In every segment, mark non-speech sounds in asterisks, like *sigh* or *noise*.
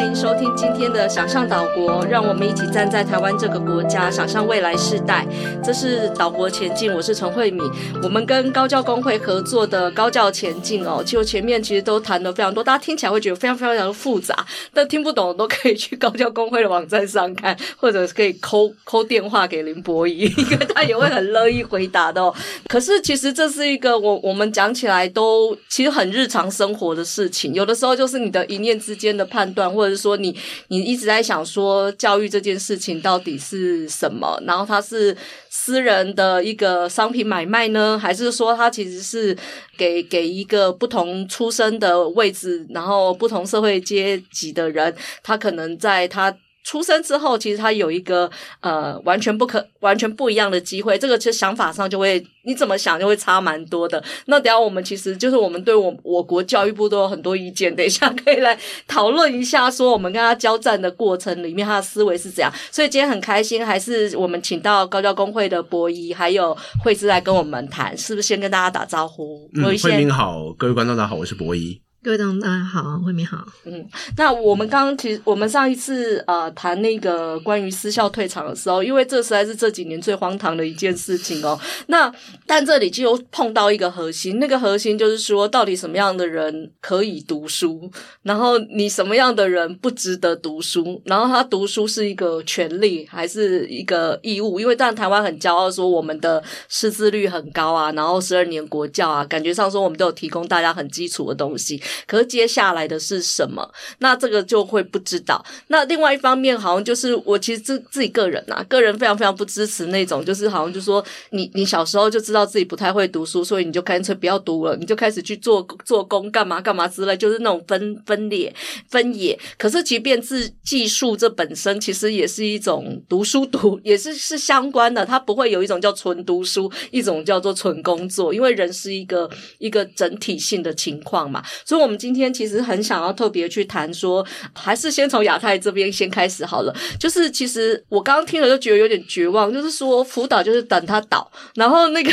歡迎收聽今天的想象島國，讓我們一起站在台灣這個國家，想象未來世代。這是島國前進，我是陳惠敏。我們跟高教工會合作的高教前進哦，就前面其實都談得非常多，大家聽起來會覺得非常非常複雜，但聽不懂都可以去高教工會的網站上看，或者是可以扣扣電話給林柏儀，因為他也會很樂意回答的哦。可是其實這是一個我我們講起來都其實很日常生活的事情，有的時候就是你的一念之間的判斷或者。就是說你，你你一直在想說，教育這件事情到底是什麼？然後它是私人的一個商品買賣呢，還是說它其實是給給一個不同出身的位置，然後不同社會階級的人，他可能在他。出生之後，其實他有一個呃完全不可、完全不一樣的機會。這個其實想法上就會，你怎麼想就會差蠻多的。那等下我們其實就是我們對我我國教育部都有很多意見。等一下可以來討論一下，說我們跟他交戰的過程裡面，他的思維是怎樣。所以今天很開心，還是我們請到高教工會的柏儀還有惠芝來跟我們談。是不是先跟大家打招呼？歡迎、嗯、惠敏好，各位觀眾，大家好，我是柏儀。惠芝，大、嗯、家好，惠敏好。嗯，那我們剛剛其實我們上一次呃談那個關於私校退場的時候，因為這實在是這幾年最荒唐的一件事情哦。那但這裡就碰到一個核心，那個核心就是說，到底什麼樣的人可以讀書，然後你什麼樣的人不值得讀書？然後他讀書是一個權利還是一個義務？因為在台灣很驕傲說我們的識字率很高啊，然後十二年國教，啊，感覺上說我們都有提供大家很基礎的東西。可是接下來的是什麼？那這個就會不知道。那另外一方面，好像就是我其實自自己個人啊，個人非常非常不支持那種，就是好像就是說你你小時候就知道自己不太會讀書，所以你就乾脆不要讀了，你就開始去做做工幹嘛幹嘛之類，就是那種分分裂分野。可是，即便是技術這本身其實也是一種讀書讀，也是是相關的，它不會有一種叫純讀書，一種叫做純工作，因為人是一個一個整體性的情況嘛，所以。我們今天其實很想要特別去談說，還是先從亞太這邊先開始好了。就是其實我剛剛聽了就覺得有點絕望，就是說輔導，就是等他倒，然後那個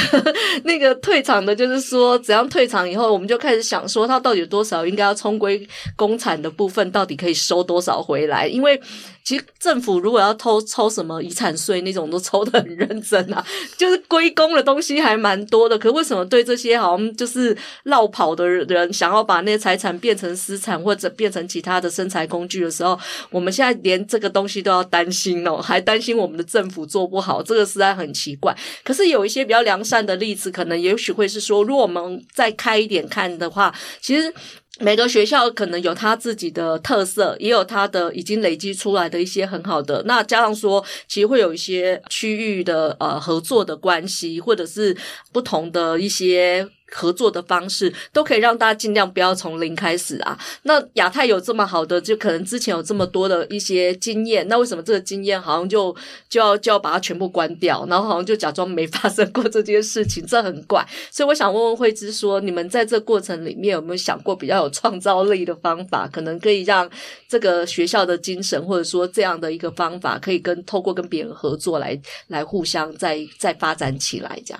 那個退場的，就是說怎樣退場以後，我們就開始想說他到底有多少應該要充歸公產的部分，到底可以收多少回來，因為。其實政府如果要偷抽什麼遺產稅那種，都抽得很認真啊，就是歸公的東西還蠻多的。可為什麼對這些好像就是落跑的人，想要把那些財產變成私產或者變成其他的生財工具的時候，我們現在連這個東西都要擔心哦，還擔心我們的政府做不好，這個實在很奇怪。可是有一些比較良善的例子，可能也許會是說，如果我們再開一點看的話，其實。每個學校可能有它自己的特色，也有它的已經累積出來的一些很好的。那加上說，其實會有一些區域的，呃，合作的關係，或者是不同的一些。合作的方式都可以讓大家儘量不要從零開始啊。那亞太有這麼好的，就可能之前有這麼多的一些經驗，那為什麼這個經驗好像就就要就要把它全部關掉，然後好像就假裝沒發生過這件事情，這很怪。所以我想問問惠芝說，你們在這過程裡面有沒有想過比較有創造力的方法，可能可以讓這個學校的精神，或者說這樣的一個方法，可以跟透過跟別人合作來來互相再再發展起來這樣。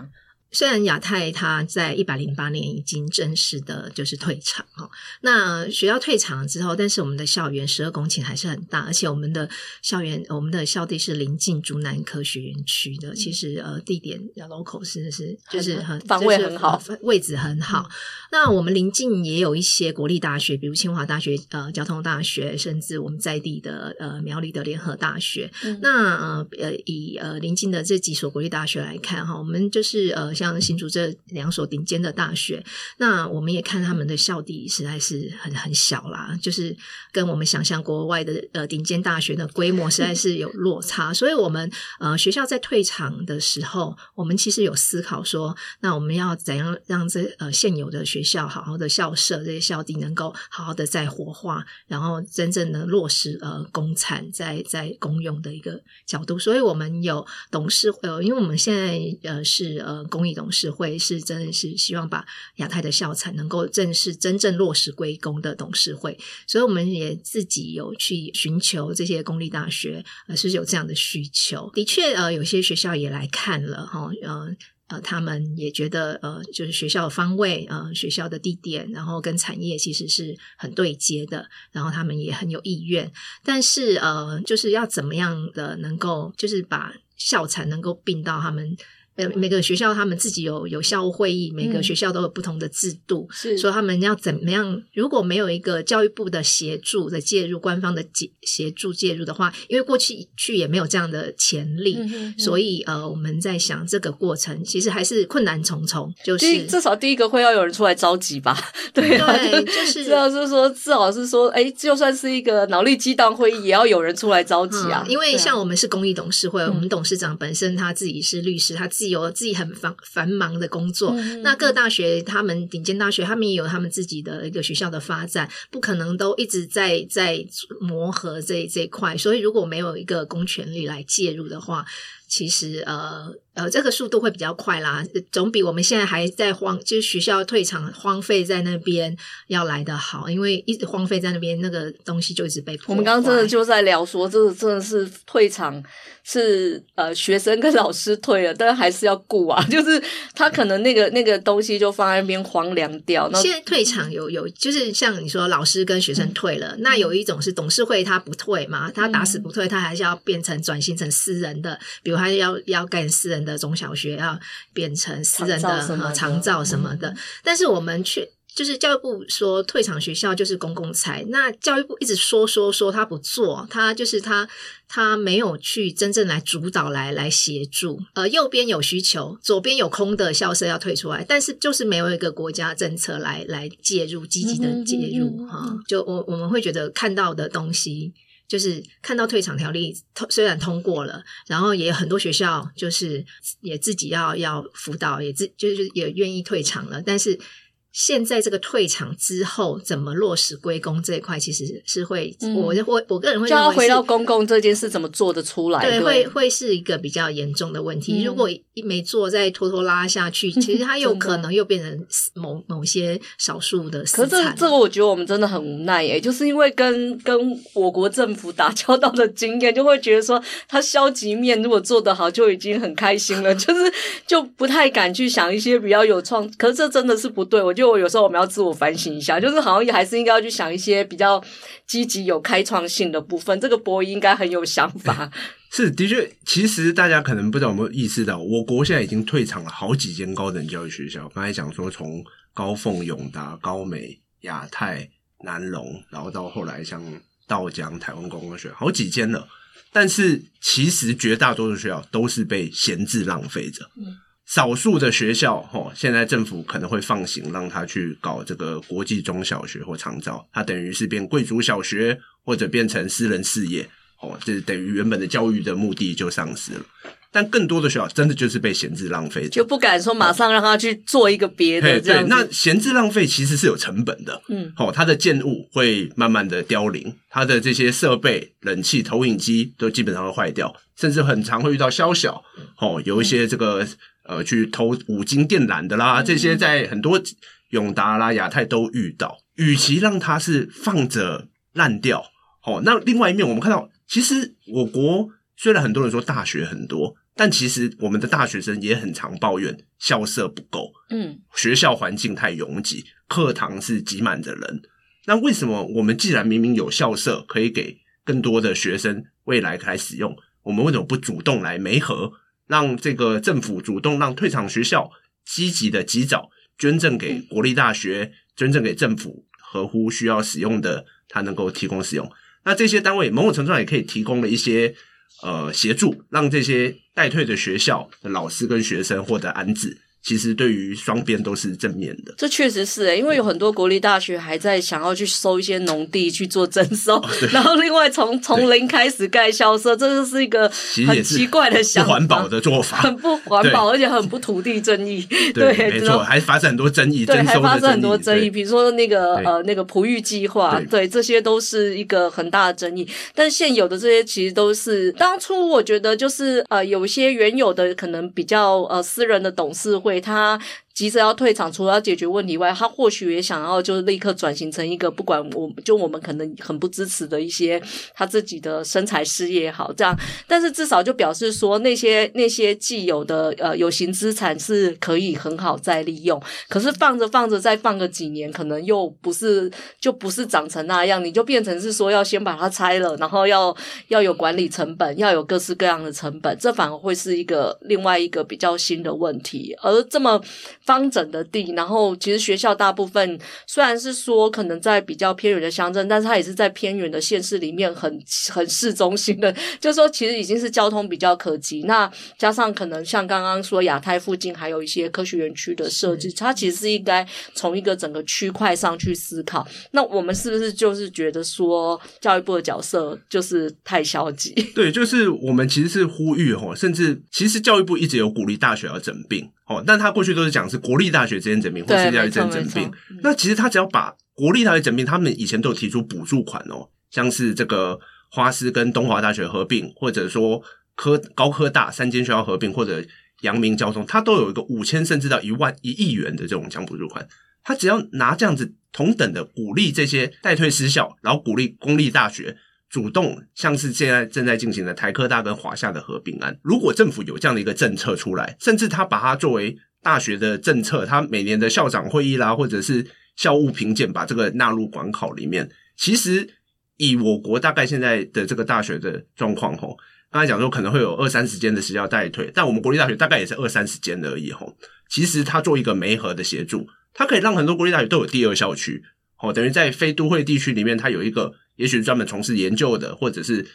雖然亞太它在一百零八年已經正式的，就是退場哈。那學校退場之後，但是我們的校園十二公頃還是很大，而且我們的校園，我們的校地是臨近竹南科學園區的，嗯。其實呃，地點 l o c a llocal 是不是就是很方位很好，就是，位置很好。嗯、那我們臨近也有一些國立大學，比如清華大學、呃交通大學，甚至我們在地的呃苗栗的聯合大學。嗯、那呃以呃臨近的這幾所國立大學來看哈，我們就是呃像。新竹這兩所頂尖的大學，那我們也看他們的校地實在是很很小啦，就是跟我們想象國外的呃頂尖大學的規模實在是有落差。所以我們呃學校在退場的時候，我們其實有思考說，那我們要怎樣讓這呃現有的學校好好的校舍、這些校地能夠好好的再活化，然後真正的落實呃公產在在公用的一個角度。所以我們有董事會、呃，因為我們現在呃是呃公益。工藝董事會是真的是希望把亞太的校產能夠正式真正落實歸公的董事會，所以我們也自己有去尋求這些公立大學是有這樣的需求。的確，呃，有些學校也來看了，呃呃，他們也覺得，呃，就是學校的方位，呃，學校的地點，然後跟產業其實是很對接的，然後他們也很有意願。但是，呃，就是要怎麼樣的能夠，就是把校產能夠併到他們。呃，每個學校他們自己有有校務會議，每個學校都有不同的制度、嗯，是。說他們要怎麼樣？如果沒有一個教育部的協助的介入，官方的協協助介入的話，因為過去去也沒有這樣的潛力，嗯、哼哼所以呃，我們在想這個過程其實還是困難重重，就是至少第一個會要有人出來召集吧 *laughs* 對、啊？對，就是至少是說至少是說，哎，就算是一個腦力激盪會議、嗯，也要有人出來召集啊、嗯！因為像我們是公益董事會、啊，我們董事長本身他自己是律師，嗯、他自己。有自己很繁繁忙的工作，嗯，那各大學他們頂尖大學，他們也有他們自己的一個學校的發展，不可能都一直在在磨合這這一塊，所以如果沒有一個公權力來介入的話，其實呃。呃，這個速度會比較快啦，總比我們現在還在荒，就是學校退場荒廢在那邊要來得好，因為一直荒廢在那邊，那個東西就一直被破。我們剛剛真的就在聊說，這個真的是退場是呃學生跟老師退了，但還是要顧啊，就是他可能那個 *laughs* 那個東西就放在那邊荒涼掉。現在退場有有，就是像你說老師跟學生退了、嗯，那有一種是董事會他不退嘛，他打死不退，他還是要變成轉型成私人的，比如他要要幹私人的。的中小學要變成私人的呃長照什麼的，麼的，嗯、但是我們去就是教育部說，退場學校就是公共財，那教育部一直說說說他不做，他就是他他沒有去真正來主導來來協助，呃，右邊有需求，左邊有空的校舍要退出來，但是就是沒有一個國家政策來來介入，積極的介入哈、嗯嗯嗯嗯哦，就我我們會覺得看到的東西。就是看到退場條例通雖然通過了，然後也有很多學校就是也自己要要輔導，也自就是也願意退場了，但是。現在這個退場之後，怎麼落實歸公這一塊，其實是會，嗯、我會，我個人會覺得，就要回到公共這件事怎麼做得出來？對，對會會是一個比較嚴重的問題。嗯、如果一沒做，再拖拖拉下去，其實它有可能又變成某、嗯、某些少數的死。可是這個，這我覺得我們真的很無奈誒、欸，就是因為跟跟我國政府打交道的經驗，就會覺得說他消極面，如果做得好，就已經很開心了，就是就不太敢去想一些比較有創。可是這真的是不對，我就。我有時候我們要自我反省一下，就是好像還是應該要去想一些比較積極、有開創性的部分。這個柏儀應該很有想法，欸、是的確。其實大家可能不知道有沒有意識到，我國現在已經退場了好幾間高等教育學校。剛才講說，從高鳳、永達、高美、亞太、南隆，然後到後來像稻江、台灣觀光學，好幾間了。但是其實絕大多數學校都是被閒置浪費着。嗯。少數的學校，哦，現在政府可能會放行，讓他去搞這個國際中小學或長照，他等於是變貴族小學或者變成私人事業，哦，這等於原本的教育的目的就喪失了。但更多的學校真的就是被閒置浪費，就不敢說馬上讓他去做一個別的這樣，哦，對對，那閒置浪費其實是有成本的，嗯，哦，它的建物會慢慢的凋零，它的這些設備、冷氣、投影機都基本上會壞掉，甚至很常會遇到宵小，哦，有一些這個。嗯呃，去偷五金電纜的啦，嗯，這些在很多永達啦、亞太都遇到。與其讓它是放着爛掉，好，哦，那另外一面，我們看到，其實我國雖然很多人說大學很多，但其實我們的大學生也很常抱怨校舍不夠，嗯，學校環境太擁擠，課堂是擠滿的人。那為什麼我們既然明明有校舍可以給更多的學生未來來使用，我們為什麼不主動來媒合？讓這個政府主動讓退場學校積極的及早捐贈給國立大學，捐贈給政府合乎需要使用的，它能夠提供使用。那這些單位某種程度上也可以提供了一些呃協助，讓這些待退的學校的老師跟學生獲得安置。其實對於雙邊都是正面的，這確實是，因為有很多國立大學還在想要去收一些農地去做徵收，然後另外從從零開始蓋校舍，這就是一個很奇怪的想法，不環保的做法，很不環保，而且很不土地爭議，對，對，對，沒錯，還發生很多爭議，對，爭，還發生很多爭議，比如說那個呃那個璞玉計劃，對，對，對，這些都是一個很大的爭議，但現有的這些其實都是當初我覺得就是呃有些原有的可能比較呃私人的董事會。給他。急着要退場，除了要解決問題外，他或許也想要就立刻轉型成一個不管我就我們可能很不支持的一些他自己的生財事業好這樣，但是至少就表示說那些那些既有的呃有形資產是可以很好再利用，可是放着放着再放個幾年，可能又不是就不是長成那樣，你就變成是說要先把它拆了，然後要要有管理成本，要有各式各樣的成本，這反而會是一個另外一個比較新的問題，而這麼。方整的地，然後其實學校大部分雖然是說可能在比較偏遠的鄉鎮，但是它也是在偏遠的縣市裡面很很市中心的，就是說其實已經是交通比較可及。那加上可能像剛剛說亞太附近還有一些科學園區的設計，它其實是應該從一個整個區塊上去思考。那我們是不是就是覺得說教育部的角色就是太消極？對，就是我們其實是呼籲哦，甚至其實教育部一直有鼓勵大學要整併。哦，但他過去都是講是國立大學之間整併，或私立大學之間整併，那其實他只要把國立大學整併、嗯，他們以前都有提出補助款哦，像是這個花師跟東華大學合併，或者說科高科大三間學校合併，或者陽明交通，他都有一個五千甚至到一萬一億元的這種獎補助款。他只要拿這樣子同等的鼓勵這些代退私校，然後鼓勵公立大學，主動像是現在正在進行的台科大跟華夏的合併案，如果政府有這樣的一個政策出來，甚至他把它作為大學的政策，他每年的校長會議啦，或者是校務評鑑把這個納入管考裡面。其實以我國大概現在的這個大學的狀況，吼，剛才講說可能會有二三十間的學校帶退，但我們國立大學大概也是二三十間而已，吼。其實他做一個媒合的協助，他可以讓很多國立大學都有第二校區，哦，等於在非都會地區裡面，它有一個。也許是專門從事研究的，或者是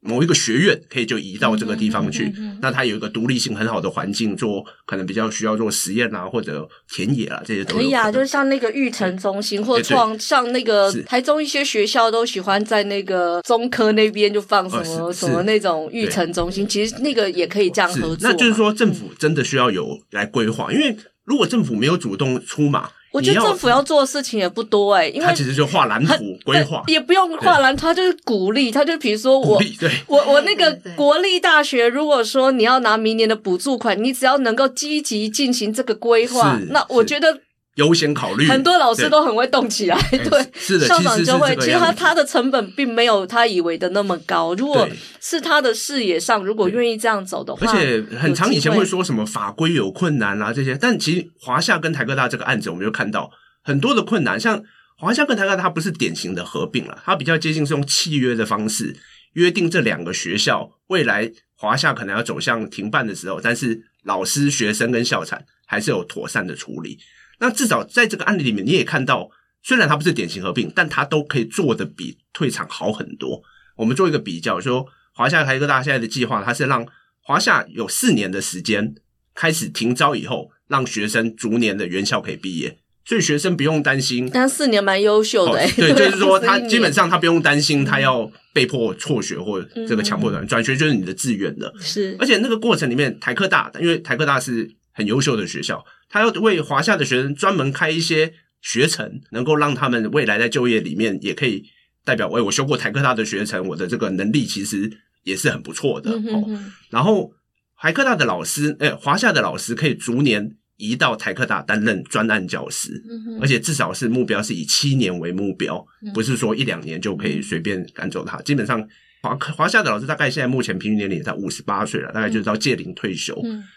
某一個學院，可以就移到這個地方去。嗯嗯嗯嗯、那它有一個獨立性很好的環境做，做可能比較需要做實驗啊，或者田野啊這些都可以啊、哎。就是像那個育成中心、嗯、或創、哎，像那個台中一些學校都喜歡在那個中科那邊就放什麼、呃、什麼那種育成中心。其實那個也可以這樣合作。那就是說，政府真的需要有來規劃、嗯，因為如果政府沒有主動出馬。我覺得政府要做的事情也不多哎，欸，因為他其實就畫藍圖規劃，也不用畫藍圖，他就是鼓勵，他就比如說我，鼓勵，對，我我那個國立大學，如果說你要拿明年的補助款，你只要能夠積極進行這個規劃，那我覺得。優先考慮，很多老師都很會動起來，對，欸、對，是的校長就會，其實他他的成本並沒有他以為的那麼高。對，如果是他的視野上，嗯、如果願意這樣走的話，而且很長以前會說什麼法規有困難啊這些，但其實華夏跟台科大這個案子，我們就看到很多的困難。像華夏跟台科大，它不是典型的合併了，它比較接近是用契約的方式約定這兩個學校未來華夏可能要走向停辦的時候，但是老師、學生跟校產還是有妥善的處理。那至少在這個案例裡面，你也看到，雖然它不是典型合併，但它都可以做得比退場好很多。我們做一個比較，就是、說華夏台科大現在的計劃，它是讓華夏有四年的時間開始停招，以後讓學生逐年的原校可以畢業，所以學生不用擔心。但四年蠻優秀的、欸 oh, 對，對、啊，就是說他基本上他不用擔心他要被迫輟學或這個強迫轉轉、嗯嗯嗯、學，就是你的志願的。是，而且那個過程裡面，台科大因為台科大是。很優秀的學校，他要為華夏的學生專門開一些學程，能夠讓他們未來在就業裡面也可以代表：哎、欸，我修過台科大的學程，我的這個能力其實也是很不錯的。嗯哼哼哦、然後海科大的老師，哎、欸，華夏的老師可以逐年移到台科大擔任專案教師，嗯，而且至少是目標是以七年為目標，不是說一兩年就可以隨便趕走他，基本上。華華夏的老師大概現在目前平均年齡在五十八歲了，大概就是到屆齡退休，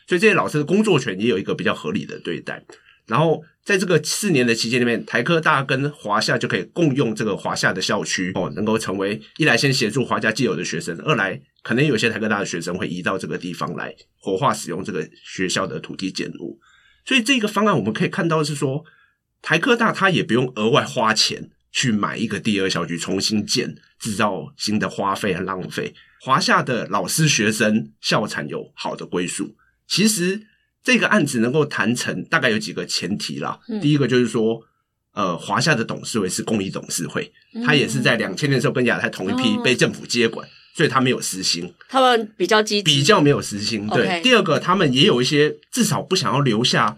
所以這些老師的工作權也有一個比較合理的對待。然後在這個四年的期間裡面，台科大跟華夏就可以共用這個華夏的校區哦，能夠成為一來先協助華夏既有的學生，二來可能有些台科大的學生會移到這個地方來活化使用這個學校的土地建築物。所以這個方案我們可以看到是說，台科大它也不用額外花錢。去買一個第二校區，重新建，製造新的花費和浪費。華夏的老師、學生、校產有好的歸宿。其實這個案子能夠談成，大概有幾個前提啦、嗯。第一個就是說，呃，華夏的董事會是公益董事會，嗯、他也是在兩千年的時候跟亞太同一批被政府接管、哦，所以他沒有私心，他們比較積極，比較沒有私心。Okay, 對，第二個他們也有一些、嗯，至少不想要留下。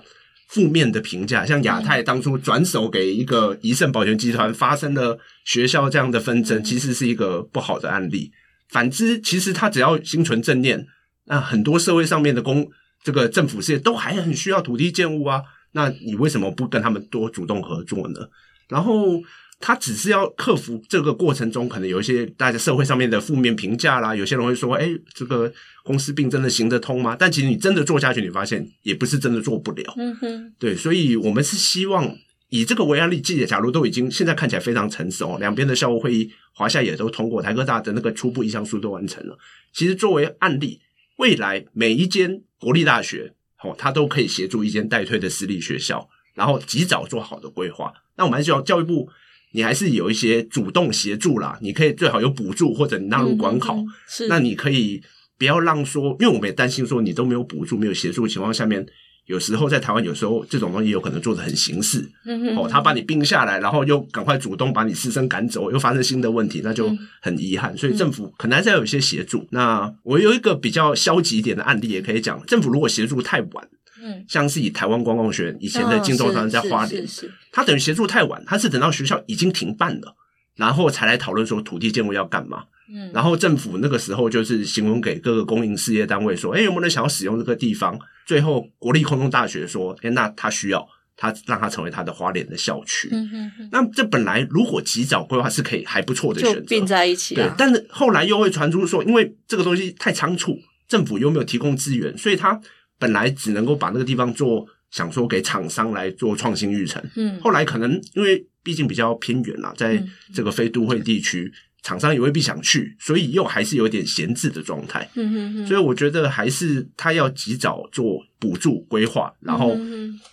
負面的評價，像亞太當初轉手給一個宜盛保全集團發生了學校這樣的紛爭，其實是一個不好的案例。反之，其實他只要心存正念，那很多社會上面的公這個政府事業都還很需要土地建物啊。那你為什麼不跟他們多主動合作呢？然後。他只是要克服這個過程中可能有一些大家社會上面的負面評價啦，有些人會說：“哎，這個公私併真的行得通嗎？”但其實你真的做下去，你發現也不是真的做不了。嗯哼，對，所以我們是希望以這個為案例，記得假如都已經現在看起來非常成熟，兩邊的校務會議，華夏也都通過台科大的那個初步意向書都完成了。其實作為案例，未來每一間國立大學哦，它都可以協助一間待退的私立學校，然後及早做好的規劃。那我們還是要教育部，你還是有一些主動協助啦，你可以最好有補助或者你納入管考、嗯嗯，是，那你可以不要讓說，因為我們也擔心說，你都沒有補助沒有協助的情況下面，有時候在台灣有時候這種東西有可能做得很形式、嗯，哦，他把你併下來，然後又趕快主動把你師生趕走，又發生新的問題，那就很遺憾、嗯。所以政府可能還是要有些協助、嗯。那我有一個比較消極一點的案例，也可以講，政府如果協助太晚。嗯，像是以台灣觀光學以前的金鐘山在花蓮、哦，他等於協助太晚，他是等到學校已經停辦了，然後才來討論說土地建物要幹嘛。嗯，然後政府那個時候就是行文給各個公營事業單位說，哎、欸，有沒有人想要使用這個地方？最後國立空中大學說，哎、欸，那他需要他讓他成為他的花蓮的校區。嗯嗯，那這本來如果及早規劃是可以還不錯的選擇，併在一起、啊。對，但是後來又會傳出說，因為這個東西太倉促，政府又沒有提供資源，所以他。本來只能夠把那個地方做，想說給廠商來做創新育成。嗯，後來可能因為畢竟比較偏遠啦，在這個非都會地區，廠商也未必想去，所以又還是有點閒置的狀態。嗯，所以我覺得還是他要及早做補助規劃，然後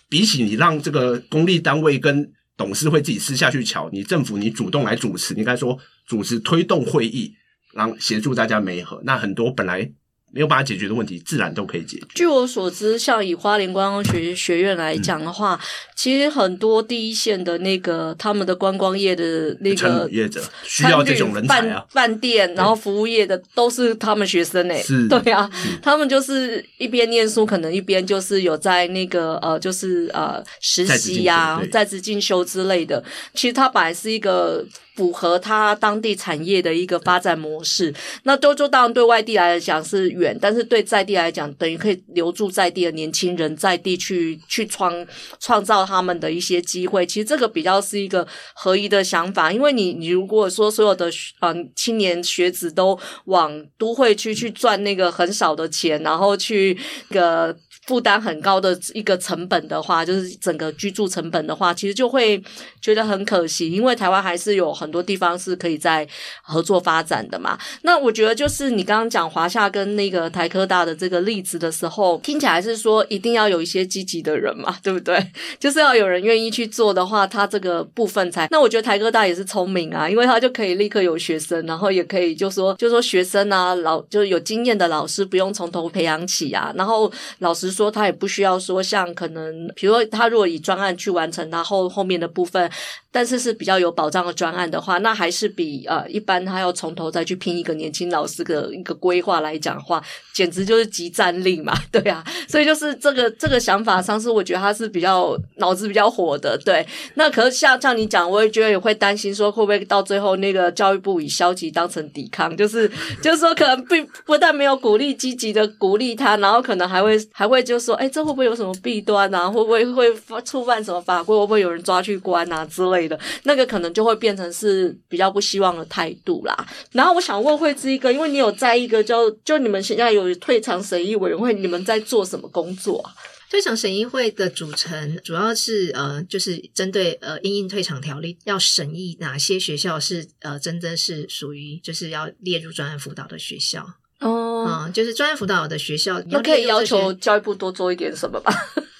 比起你讓這個公立單位跟董事會自己私下去喬，你政府你主動來主持，應該說主持推動會議，讓協助大家媒合。那很多本來。沒有辦法解決的問題，自然都可以解決。據我所知，像以花蓮觀光學學院來講的話、嗯，其實很多第一線的那個他們的觀光業的那個業者，需要這種人才飯、飯、店然後服務業的都是他們學生呢、欸。是，對啊，他們就是一邊念書，可能一邊就是有在那個呃，就是呃實習啊，在職，在職進修之類的。其實他本來是一個符合他當地產業的一個發展模式。那多洲當然對外地來講是。遠，但是對在地來講，等於可以留住在地的年輕人，在地去去創創造他們的一些機會。其實這個比較是一個合一的想法，因為你你如果說所有的嗯、呃、青年學子都往都會區去，去賺那個很少的錢，然後去、那個。負擔很高的一個成本的話，就是整個居住成本的話，其實就會覺得很可惜，因為台灣還是有很多地方是可以在合作發展的嘛。那我覺得，就是你剛剛講華夏跟那個台科大的這個例子的時候，聽起來是說一定要有一些積極的人嘛，對不對？就是要有人願意去做的話，他這個部分才。那我覺得台科大也是聰明啊，因為他就可以立刻有學生，然後也可以就說就說學生啊，老就是有經驗的老師不用從頭培養起啊，然後老師。他說他也不需要說像可能，比如說他如果以專案去完成然後後，後面的部分。但是是比較有保障的專案的話，那還是比呃一般他要從頭再去拼一個年輕老師的一個規劃來講話，簡直就是即戰力嘛，對啊，所以就是這個這個想法上是我覺得他是比較腦子比較火的，對。那可是像像你講，我也覺得也會擔心說會不會到最後那個教育部以消極當成抵抗，就是就是說可能並不，不但沒有鼓勵積極的鼓勵他，然後可能還會還會就說，哎、欸，這會不會有什麼弊端啊？會不會會觸犯什麼法規？會不會有人抓去關啊之類的？那個可能就會變成是比較不希望的態度啦。然後我想問惠芝一個，因為你有在一個叫就，就你們現在有退場審議委員會，嗯，你們在做什麼工作啊？退場審議會的組成主要是呃，就是針對呃，因應退場條例要審議哪些學校是呃，真正是屬於就是要列入專案輔導的學校哦，就是專案輔導的學校，那可以要求教育部多做一點什麼吧？ *laughs*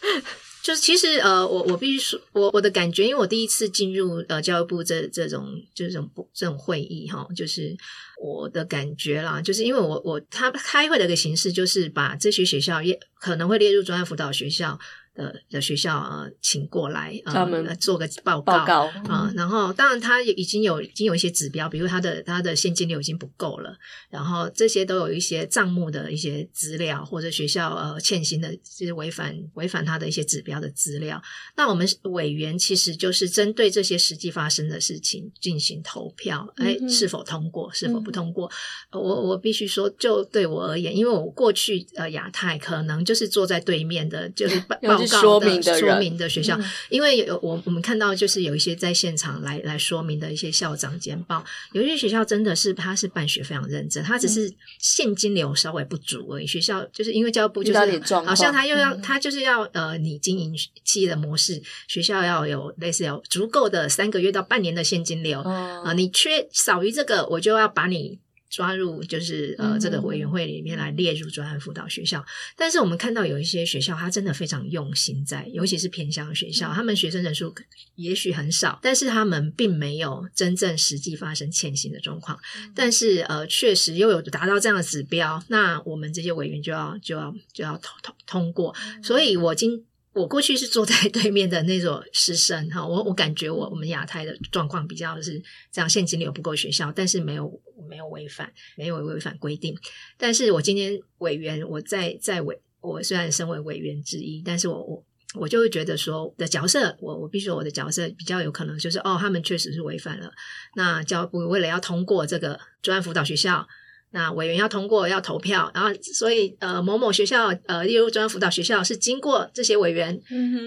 就是其實呃，我我必須說，我我的感覺，因為我第一次進入呃教育部這這種這種這種會議哈、哦，就是我的感覺啦，就是因為我我他開會的一個形式，就是把這些學校也可能會列入專案輔導學校。呃的學校啊、呃，請過來呃，做個報告啊、呃。然後，當然，他已經有已經有一些指標，比如他的他的現金流已經不夠了，然後這些都有一些賬目的一些資料，或者學校呃欠薪的，就是違反違反他的一些指標的資料。那我們委員其實就是針對這些實際發生的事情進行投票，哎、嗯欸，是否通過，是否不通過？嗯、我我必須說，就對我而言，因為我過去呃亞太可能就是坐在對面的，就是報。 *laughs* 說明的說明的學校，嗯、因為有有我我們看到就是有一些在現場來來說明的一些校長簡報，有一些學校真的是他是辦學非常認真，他只是現金流稍微不足而已。學校就是因為教育部就是、嗯、好像他又要、嗯、他就是要呃你經營企業的模式，學校要有類似有足夠的三個月到半年的現金流啊、嗯呃，你缺少於這個我就要把你。抓入就是呃，mm -hmm. 這個委員會裡面來列入專案輔導學校，但是我們看到有一些學校，他真的非常用心在，尤其是偏向學校，mm -hmm. 他們學生人數也許很少，但是他們並沒有真正實際發生欠薪的狀況，mm -hmm. 但是呃，確實又有達到這樣的指標，那我們這些委員就要就要就要，就要通通通過，mm -hmm. 所以我今。我過去是坐在對面的那所師生哈，我我感覺我我們亞太的狀況比較是這樣，現金流不夠學校，但是沒有沒有違反，沒有違反規定。但是我今天委員，我在在委，我雖然身為委員之一，但是我我我就會覺得說的角色，我我必須說我的角色比較有可能就是哦，他們確實是違反了。那教育部為了要通過這個專案輔導學校。那委員要通過要投票，然後所以呃，某某學校呃，例如專案輔導學校是經過這些委員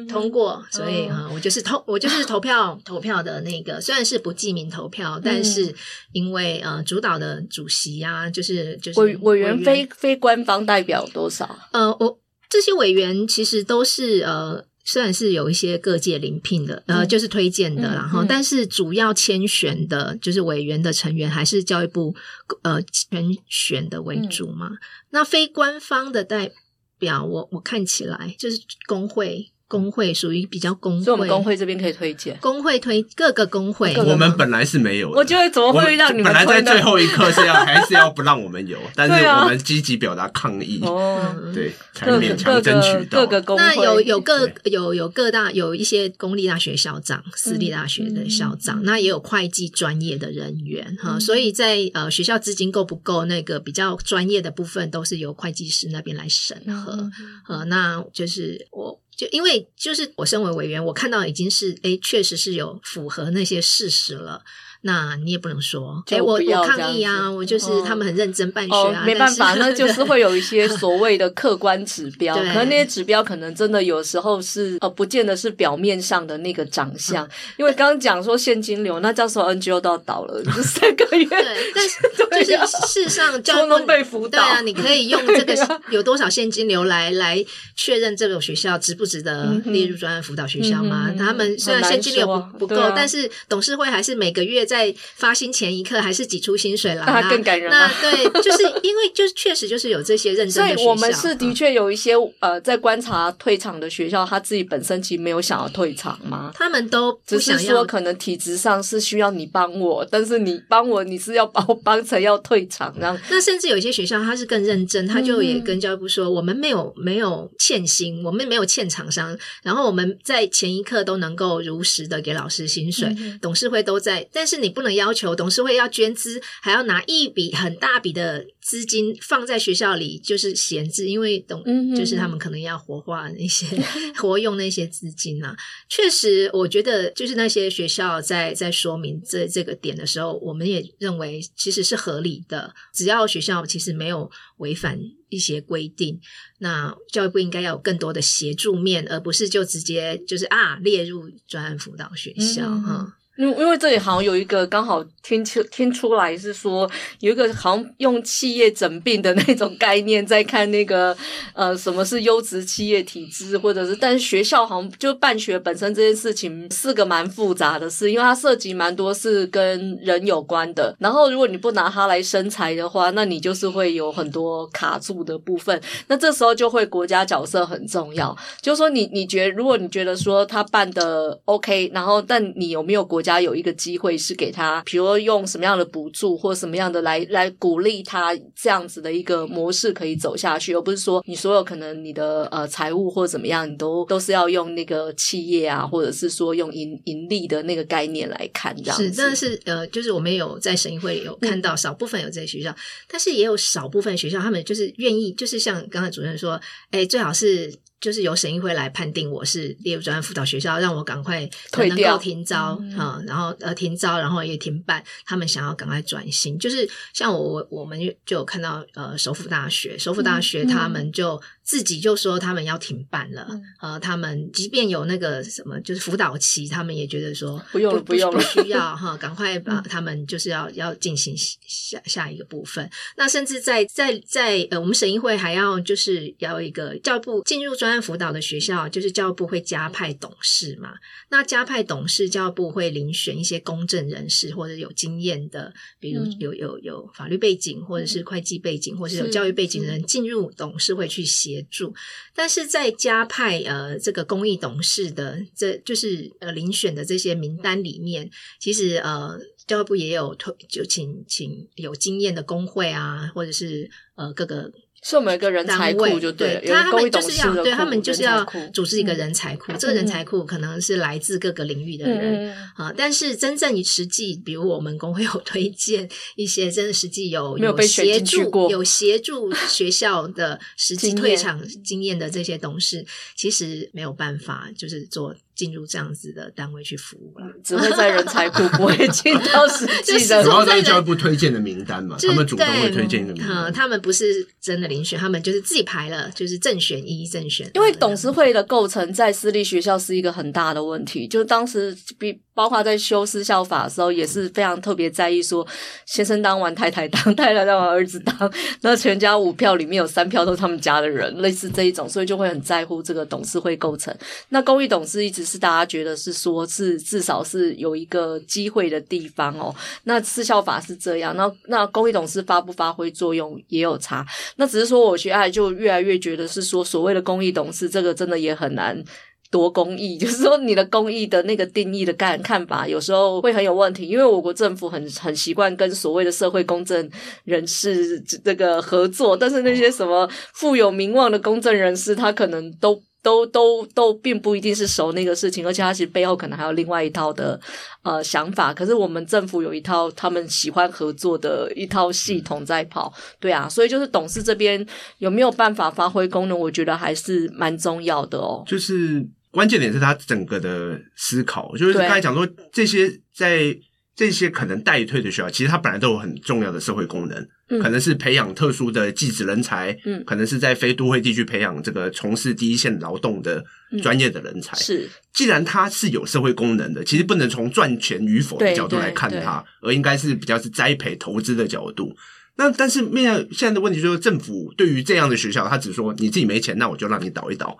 通過，嗯、哼哼所以啊、哦呃，我就是投我就是投票投票的那個，雖然是不記名投票，嗯、但是因為呃，主導的主席啊，就是就是委員，委員非非官方代表多少？呃，我這些委員其實都是呃。雖然是有一些各界遴聘的，嗯，呃，就是推薦的，然、嗯、後、嗯，但是主要遴選的，就是委員的成員，還是教育部呃遴選的為主嘛，嗯？那非官方的代表，我我看起來就是工會。工會屬於比較工會，所以我們工會這邊可以推薦工會推各個工會個。我們本來是沒有的，我就會怎麼會讓你們，我們本來在最後一刻是要 *laughs* 還是要不讓我們有，但是我們積極表達抗議， *laughs* 抗議 *laughs* 對，才勉強爭取到。各個，各個工會那有有各有有各大有一些公立大學校長、私立大學的校長，嗯、那也有會計專業的人員哈、嗯。所以在呃學校資金夠不夠，那個比較專業的部分都是由會計師那邊來審核。呃、嗯，那就是我。就因為就是我身為委員，我看到已經是，誒，確實是有符合那些事實了。那你也不能說，欸、我我抗議啊、哦！我就是他們很認真辦學啊，哦、沒辦法， *laughs* 那就是會有一些所謂的客觀指標，對可能那些指標可能真的有時候是呃，不見得是表面上的那個長相。嗯、因為剛講說現金流，那教授 NGO 都要倒了、嗯、就三個月，對，但是，是就是事實上教，教能被輔導對啊？你可以用這個、啊、有多少現金流來來確認這個學校值不值得列入專案輔導學校嗎、嗯嗯？他們雖然現金流不、啊、不夠、啊，但是董事會還是每個月。在發薪前一刻還是擠出薪水來、啊，那更感人、啊。了對，就是因為就是確實就是有這些認真的學校 *laughs* 所以我們是的確有一些呃，在觀察退場的學校，他自己本身其實沒有想要退場嘛。他們都不想要，只是說，可能體質上是需要你幫我，但是你幫我，你是要把我幫成要退場那樣。那甚至有一些學校，他是更認真，他就也跟教育部說，嗯、我們沒有沒有欠薪，我們沒有欠廠商，然後我們在前一刻都能夠如實的給老師薪水，嗯嗯，董事會都在，但是。你不能要求董事會要捐資，還要拿一筆很大筆的資金放在學校裡就是閒置，因為董就是他們可能要活化那些、嗯、活用那些資金啊。確實，我覺得就是那些學校在在說明這這個點的時候，我們也認為其實是合理的。只要學校其實沒有違反一些規定，那教育部應該要有更多的協助面，而不是就直接就是啊列入專案輔導學校哈。嗯因因為這裡好像有一個剛好聽出聽出來是說，有一個好像用企業診病的那種概念，在看那個呃，什麼是優質企業體制或者是，但是學校好像就辦學本身這件事情是個蠻複雜的事，因為它涉及蠻多是跟人有關的。然後如果你不拿它來生財的話，那你就是會有很多卡住的部分。那這時候就會國家角色很重要，就是說你你覺得如果你覺得說他辦的 OK，然後但你有沒有國家大家有一個機會是給他，比如說用什麼樣的補助或什麼樣的來來鼓勵他這樣子的一個模式可以走下去，而不是說你所有可能你的呃財務或怎麼樣，你都都是要用那個企業啊，或者是說用盈盈利的那個概念來看這樣子。是，但是呃，就是我們有在審議會有看到 *laughs* 少部分有這些學校，但是也有少部分學校，他們就是願意，就是像剛才主任說，哎、欸，最好是。就是由審議會來判定我是列入專案輔導學校，讓我趕快能夠停招啊、嗯，然後呃停招，然後也停辦。他們想要趕快轉型，就是像我我們就有看到呃首府大學，首府大學他們就。嗯嗯自己就說他們要停辦了、嗯，呃，他們即便有那個什麼，就是輔導期，他們也覺得說不用了，不用了，不，不，不需要哈， *laughs* 趕快把他們就是要要進行下下一個部分。那甚至在在在、在呃，我們審議會還要就是要一個教育部進入專案輔導的學校、嗯，就是教育部會加派董事嘛？嗯、那加派董事，教育部會遴選一些公正人士或者有經驗的，比如有、嗯、有有、有法律背景或者是會計背景，嗯、或者是有教育背景的人進、嗯、入董、嗯、事會去協。住，但是在加派呃這個公益董事的，這就是呃遴選的這些名單裡面，其實呃教育部也有推，就請請有經驗的工會啊，或者是呃各個。是每一個人才庫，就對，單位對他，他們就是要，對他們就是要組織一個人才庫，人才庫、嗯。這個人才庫可能是來自各個領域的人啊、嗯嗯，但是真正你實際，比如我們工會有推薦一些，真的實際有沒有被選進去過有協助過，有協助學校的實際退場經驗的這些董事， *laughs* 其實沒有辦法就是做。進入這樣子的單位去服務了、啊，只會在人才庫，不會進到實際的。然 *laughs* 後， *laughs* 教育部推薦的名單嘛，他們主動會推薦的名單。嗯嗯、他們不是真的遴選，他們就是自己排了，就是正選一、正選。因為董事會的構成在私立學校是一個很大的問題，就是當時比。包括在修私效法的時候，也是非常特別在意說先生當完太太當，太太當完兒子當，那全家五票裡面有三票都是他們家的人，類似這一種，所以就會很在乎這個董事會構成。那公益董事一直是大家覺得是說，是至少是有一個機會的地方哦。那私效法是這樣，那那公益董事發不發揮作用也有差。那只是說我去愛就越來越覺得是說，所謂的公益董事這個真的也很難。多公益就是說，你的公益的那個定義的看看法，有時候會很有問題，因為我國政府很很習慣跟所謂的社會公正人士這個合作，但是那些什麼富有名望的公正人士，他可能都都都都並不一定是熟那個事情，而且他其實背後可能還有另外一套的呃想法。可是我們政府有一套他們喜歡合作的一套系統在跑，對啊，所以就是董事這邊有沒有辦法發揮功能，我覺得還是蠻重要的哦，就是。關鍵點是他整個的思考，就是剛才講說，這些在這些可能待退的學校，其實它本來都有很重要的社會功能。嗯，可能是培養特殊的技職人才，嗯，可能是在非都會地區培養這個從事第一線勞動的專業的人才。嗯，是，既然它是有社會功能的，其實不能從賺錢與否的角度來看它，而應該是比較是栽培投資的角度。那但是現在現在的問題就是，政府對於這樣的學校，他只說你自己沒錢，那我就讓你倒一倒。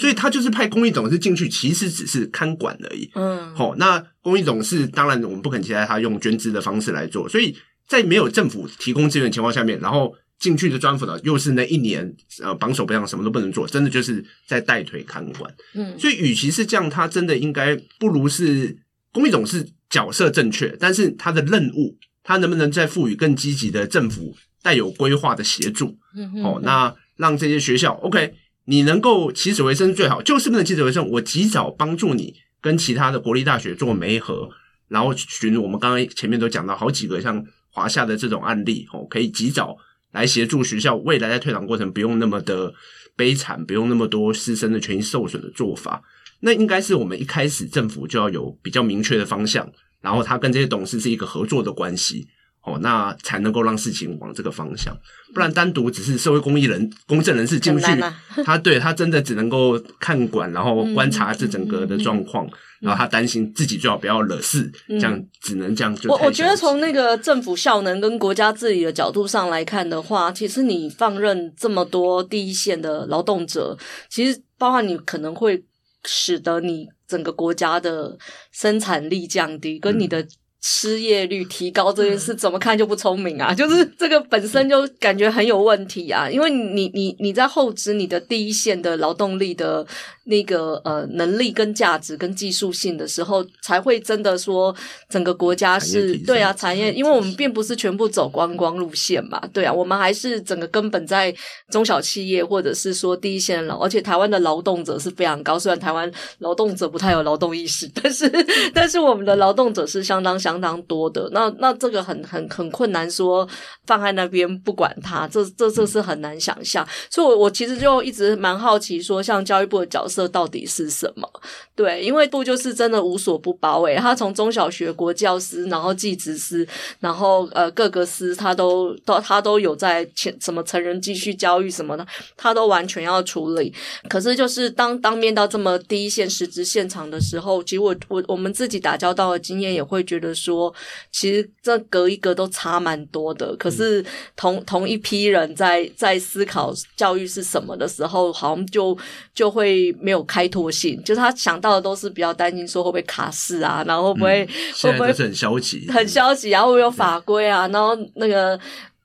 所以，他就是派公益董事進去，其實只是看管而已。嗯，好，那公益董事當然我們不肯期待他用捐資的方式來做。所以在沒有政府提供資源的情況下面，然後進去的專輔呢，又是那一年呃綁手綁腳，什麼都不能做，真的就是在帶腿看管。嗯，所以，與其是這樣，他真的應該不如是公益董事角色正確，但是他的任務，他能不能再賦予更積極的政府帶有規劃的協助？嗯，嗯，嗯，好，那讓這些學校、嗯、OK。你能夠起死回生最好，就是不能起死回生，我及早幫助你跟其他的國立大學做媒合，然後尋，我們剛剛前面都講到好幾個像華夏的這種案例哦，可以及早來協助學校未來在退場過程不用那麼的悲慘，不用那麼多師生的權益受損的做法。那應該是我們一開始政府就要有比較明確的方向，然後他跟這些董事是一個合作的關係。哦，那才能夠讓事情往這個方向，不然單獨只是社會公益人、嗯、公正人士進不去，啊、 *laughs* 他對他真的只能夠看管，然後觀察這整個的狀況，嗯、然後他擔心自己最好不要惹事，嗯、這樣只能這樣就。就我我覺得從那個政府效能跟國家治理的角度上來看的話，其實你放任這麼多第一線的勞動者，其實包含你可能會使得你整個國家的生產力降低，跟你的、嗯。失業率提高這件事怎麼看就不聰明啊、嗯！就是這個本身就感覺很有問題啊，因為你你你在厚植你的第一線的勞動力的那個呃能力跟價值跟技術性的時候，才會真的說整個國家是對啊產業，因為我們並不是全部走觀光,光路線嘛，對啊，我們還是整個根本在中小企業或者是說第一線勞，而且台灣的勞動者是非常高，雖然台灣勞動者不太有勞動意識，但是但是我們的勞動者是相當強。相當多的，那那這個很很很困難說，說放在那邊不管他，這這這是很難想象所以我，我我其實就一直蠻好奇，說像教育部的角色到底是什麼？對，因為部就是真的無所不包誒、欸。他從中小學國教師，然後技職師，然後呃各個師，他都都他都有在前什麼成人繼續教育什麼的，他都完全要處理。可是，就是當當面到這麼第一線實質現場的時候，其實我我我們自己打交道的經驗也會覺得說。說，其實這隔一個都差蠻多的，可是同同一批人在在思考教育是什麼的時候，好像就就會沒有開拓性，就是他想到的都是比較擔心說會不會卡死啊，然後會不會、嗯、是會不會很消極、啊，很消極，然後會不會有法規啊，嗯、然後那個。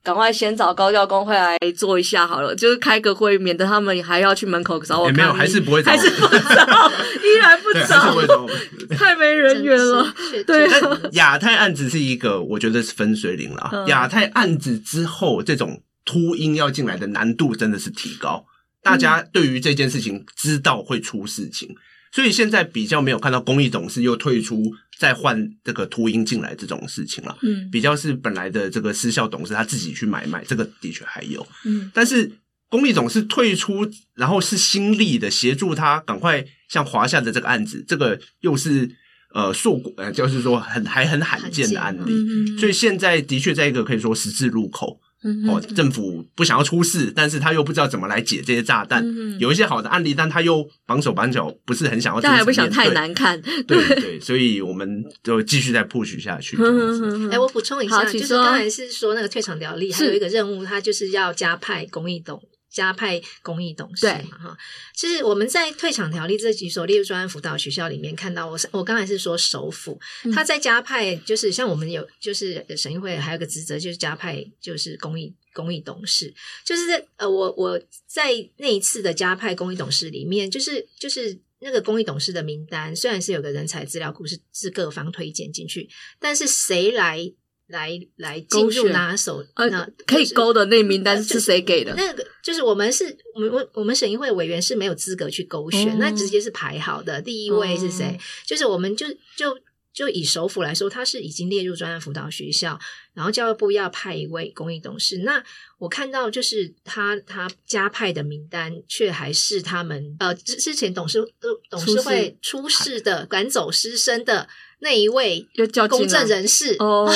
趕快先找高教工會來做一下好了，就是開個會，免得他們還要去門口找我、欸。沒有，還是不會找我，還是不找， *laughs* 依然不找，還是會找我，太沒人緣了。確確，對、啊，亞太案子是一個，我覺得是分水嶺了。亞、嗯、太案子之後，這種禿鷹要進來的難度真的是提高。大家對於這件事情知道會出事情，所以現在比較沒有看到公益董事又退出，再換這個禿鷹進來這種事情了，嗯，比較是本來的這個私校董事他自己去買賣，這個的確還有，嗯，但是公益董事退出，然後是新力的協助他趕快像華夏的這個案子，這個又是呃碩果呃，就是說很還很罕見的案例，嗯，所以現在的確在一個可以說十字路口。哦，政府不想要出事，但是他又不知道怎麼來解這些炸彈。嗯、有一些好的案例，但他又綁手綁腳，不是很想要，但還不想太難看，對 *laughs* 對，對，對。所以我們就繼續再 push 下去。哎、嗯嗯嗯欸，我補充一下，就是剛才是說那個退場條例還有一個任務，他就是要加派公益董。加派公益董事嘛，哈，其實我們在退場條例這幾所列入專案輔導學校裡面看到我，我是我剛才是說首府，他在加派，就是像我們有，就是省議會還有個職責，就是加派就是公益公益董事，就是在呃，我我在那一次的加派公益董事裡面，就是就是那個公益董事的名單，雖然是有個人才資料庫是是各方推薦進去，但是誰來？來來，來進入拿手，那、呃、可以勾的那名、就、單是誰給的？那個就是我們是我們我們審議會委員是沒有資格去勾選、嗯，那直接是排好的。第一位是誰？嗯、就是我們就就就以首府來說，他是已經列入專案輔導學校，然後教育部要派一位公益董事。那我看到就是他他加派的名單，卻還是他們呃之之前董事都、呃、董事會出事的趕，趕走師生的。那一位又叫公正人士，哦，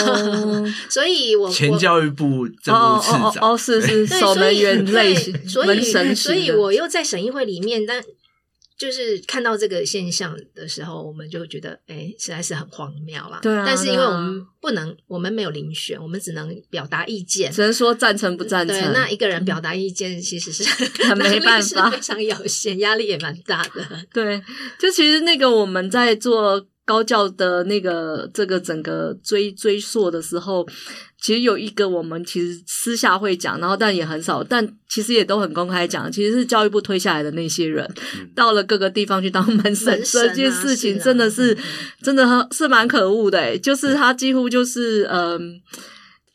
所以，我前教育部政務次長哦，哦哦是，是守門員類，所以，所以，所以，所以我又在審議會裡面，但就是看到這個現象的時候，我們就覺得，哎、欸，實在是很荒謬了。對啊，但是因為我們不能，我們沒有遴選，我們只能表達意見，只能說贊成不贊成、嗯。那一個人表達意見其實是、嗯、 *laughs* 沒辦法， *laughs* 非常有限，壓力也蠻大的。對，就其實那個我們在做。高教的那個這個整個追追溯的時候，其實有一個我們其實私下會講，然後但也很少，但其實也都很公開講。其實是教育部推下來的那些人，到了各個地方去當門神，門神啊、這件事情真的是，是，真的是、嗯、真的是蠻可惡的、欸。就是他幾乎就是嗯、呃，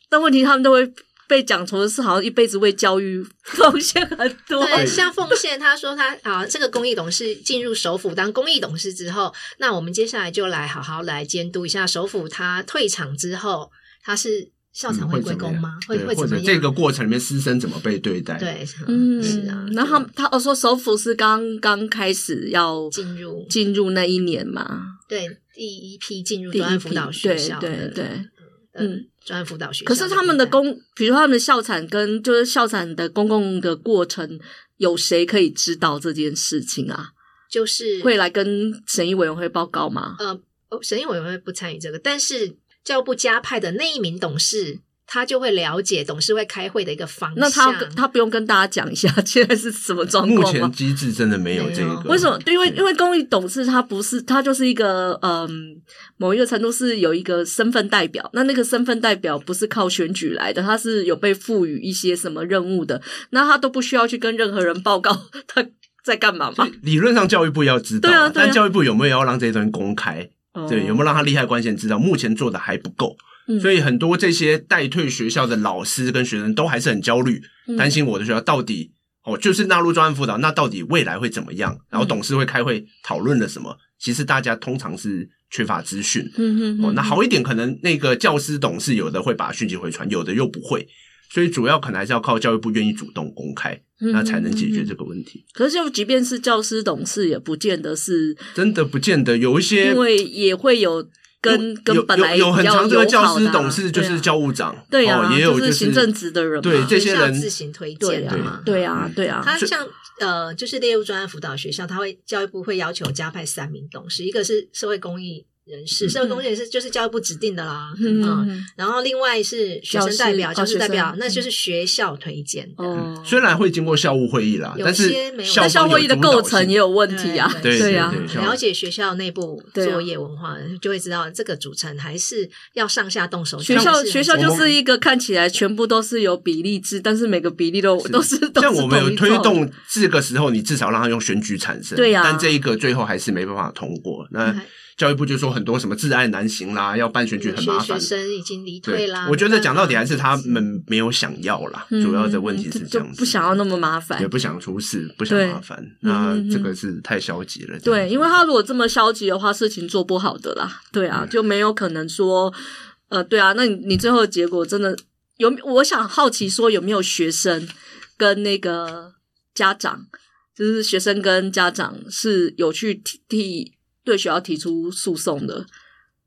但問題他們都會。被講成是好像一輩子為教育奉獻很多，對，像奉獻。他說他啊， *laughs* 這個公益董事進入首府當公益董事之後，那我們接下來就來好好來監督一下首府。他退場之後，他是校產會歸公嗎？嗯、會怎會怎麼樣？這個過程裡面師生怎麼被對待？對，嗯，啊、是、啊、然後他他說首府是剛剛開始要進入進入那一年嘛？對，第一批進入專案輔導學校，對對。對對嗯，專案輔導學校。可是他們的公，比如他們的校產跟就是校產的公共的過程，有誰可以知道這件事情啊？就是會來跟審議委員會報告嗎？呃，哦，審議委員會不參與這個，但是教育部加派的那一名董事。他就會了解董事會開會的一個方式。那他他，不用跟大家講一下現在是什麼狀況？目前機制真的沒有這個。哦、為什麼？因為因為公益董事他不是，他就是一個嗯，某一個程度是有一個身份代表。那那個身份代表不是靠選舉來的，他是有被賦予一些什麼任務的。那他都不需要去跟任何人報告他在幹嘛嗎？理論上教育部要知道、啊啊啊，但教育部有沒有要讓這一段公開？哦、對，有沒有讓他利害關係人知道？目前做的還不夠。所以很多這些待退學校的老師跟學生都還是很焦慮，嗯、擔心我的學校到底哦，就是納入專案輔導，那到底未來會怎麼樣？然後董事會開會討論了什麼？其實大家通常是缺乏資訊。嗯嗯，嗯。哦，那好一點，可能那個教師董事有的會把訊息回傳，有的又不會，所以主要可能還是要靠教育部願意主動公開，嗯、那才能解決這個問題。可是，就即便是教師董事，也不見得是真的，不見得有一些，因為也會有。跟跟本來的有,有很長這個教師董事就是教務長，對啊，對啊哦、也有就是、就是、行政職的人嘛，對這些人自行推薦嘛，對啊對啊,對啊，他像呃，就是列入專案輔導學校，他會教育部會要求加派三名董事，一個是社會公益。人事，這個東西是就是教育部指定的啦，嗯，嗯，嗯，然後另外是學生代表、教師代表、哦，那就是學校推薦的、嗯嗯嗯。雖然會經過校務會議啦，但是校務會議的構成也有問題啊。對，對，對，對啊，對啊，了解學校內部作業文化、啊，就會知道這個組成還是要上下動手。學校學校就是一個看起來全部都是有比例制，但是每個比例都都是、嗯、都是。像我們有推動這個時候， *laughs* 你至少讓他用選舉產生，對呀、啊。但這一個最後還是沒辦法通過那。Okay. 教育部就說很多什麼窒礙難行啦，要辦選舉很麻煩。學生已經離退啦、嗯。我覺得講到底還是他們沒有想要啦。嗯、主要的問題是這樣子，不想要那麼麻煩，也不想出事，不想麻煩。那這個是太消極了、嗯哼哼。對，因為他如果這麼消極的話，事情做不好的啦。對啊，嗯、就沒有可能說，呃，對啊，那你你最後結果真的有。我想好奇說，有沒有學生跟那個家長，就是學生跟家長是有去替？對學校提出訴訟的，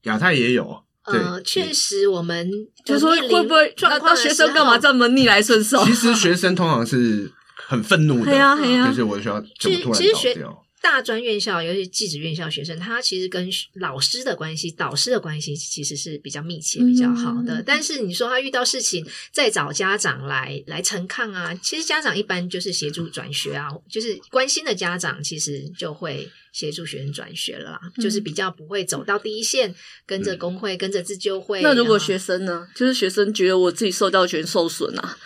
亞太也有。嗯，確實我們就是說會不會？那學生幹嘛這麼逆來順受？其實學生通常是很憤怒的。就、 *laughs* 對啊、對啊、是我的學校怎麼突然倒大專院校，尤其技職院校學生，他其實跟老師的關係、導師的關係其實是比較密切、比較好的。嗯、但是你說他遇到事情再找家長來來陳抗啊，其實家長一般就是協助轉學啊，就是關心的家長其實就會協助學生轉學了啦、嗯。就是比較不會走到第一線，跟着工會、嗯、跟着自救會。那如果學生呢、啊？就是學生覺得我自己受教權受損啊。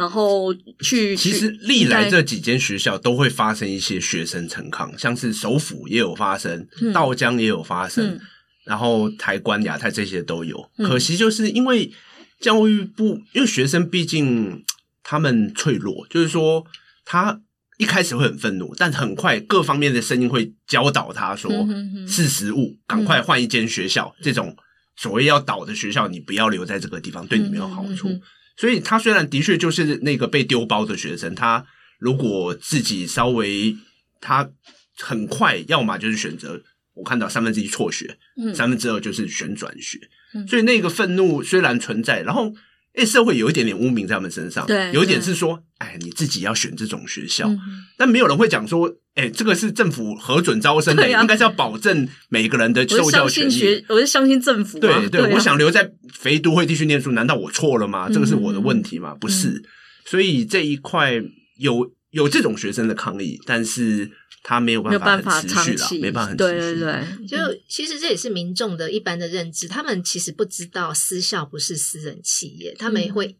然後去，其實歷來這幾間學校，都會發生一些學生陳抗，像是首府也有發生，稻、嗯、江也有發生、嗯，然後台觀、亞太這些都有、嗯。可惜就是因為教育部，因為學生畢竟他們脆弱，就是說他一開始會很憤怒，但很快各方面的聲音會教導他說，識、嗯嗯嗯、時務趕快換一間學校、嗯，這種所謂要倒的學校，你不要留在這個地方，嗯、對你沒有好處。嗯嗯嗯所以，他雖然的確就是那個被丟包的學生，他如果自己稍微，他很快，要麼就是選擇，我看到三分之一輟學，嗯，三分之二就是選轉學，嗯，所以那個憤怒雖然存在，然後。哎、欸，社會有一點點污名在他們身上，對，對有一點是說，哎，你自己要選這種學校，嗯、但沒有人會講說，哎、欸，這個是政府核准招生的、啊，應該是要保證每個人的受教權利。我是相信，我是相信政府、啊，對對，對、啊，我想留在肥都會繼續念書，難道我錯了嗎？這個是我的問題嗎？嗯、不是，所以這一塊有有這種學生的抗議，但是。他沒有辦法持續了、啊，沒辦法持續。對對對，就其實這也是民眾的一般的認知，他們其實不知道私校不是私人企業，他們會、嗯、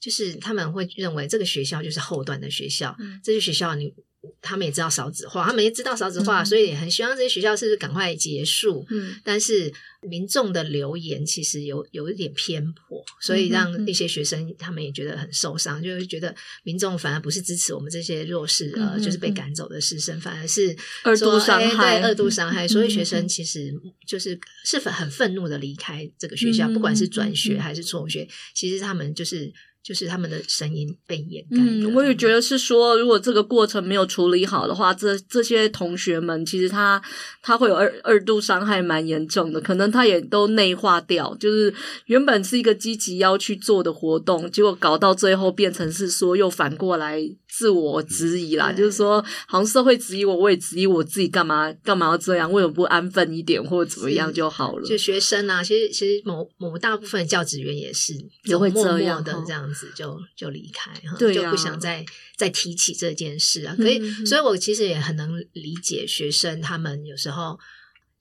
就是他們會認為這個學校就是後端的學校，嗯、這些學校你他們也知道少子化，他們也知道少子化，嗯、所以也很希望這些學校是不是趕快結束？嗯，但是。民眾的留言其實有有一點偏頗，所以讓那些學生嗯嗯他們也覺得很受傷，就覺得民眾反而不是支持我們這些弱勢、嗯嗯、呃，就是被趕走的師生，反而是二度傷害，二度傷害，哎，對，二度傷害嗯哼嗯哼嗯，所以學生其實就是是很很憤怒的離開這個學校，嗯嗯不管是轉學還是輟學嗯嗯，其實他們就是。就是他們的聲音被掩蓋。嗯，我也覺得是說，如果這個過程沒有處理好的話，這這些同學們其實他他會有二二度傷害，蠻嚴重的。可能他也都內化掉，就是原本是一個積極要去做的活動，結果搞到最後變成是說，又反過來。自我質疑啦，就是說，好像社會質疑我，我也質疑我自己幹，幹嘛幹嘛要這樣？為什麼不安分一點，或者怎麼樣就好了？就學生啊，其實其實某某大部分的教職員也是，也會這樣的這樣子就就離開、啊嗯，就不想再再提起這件事啊。所、嗯、以，所以我其實也很能理解學生他們有時候。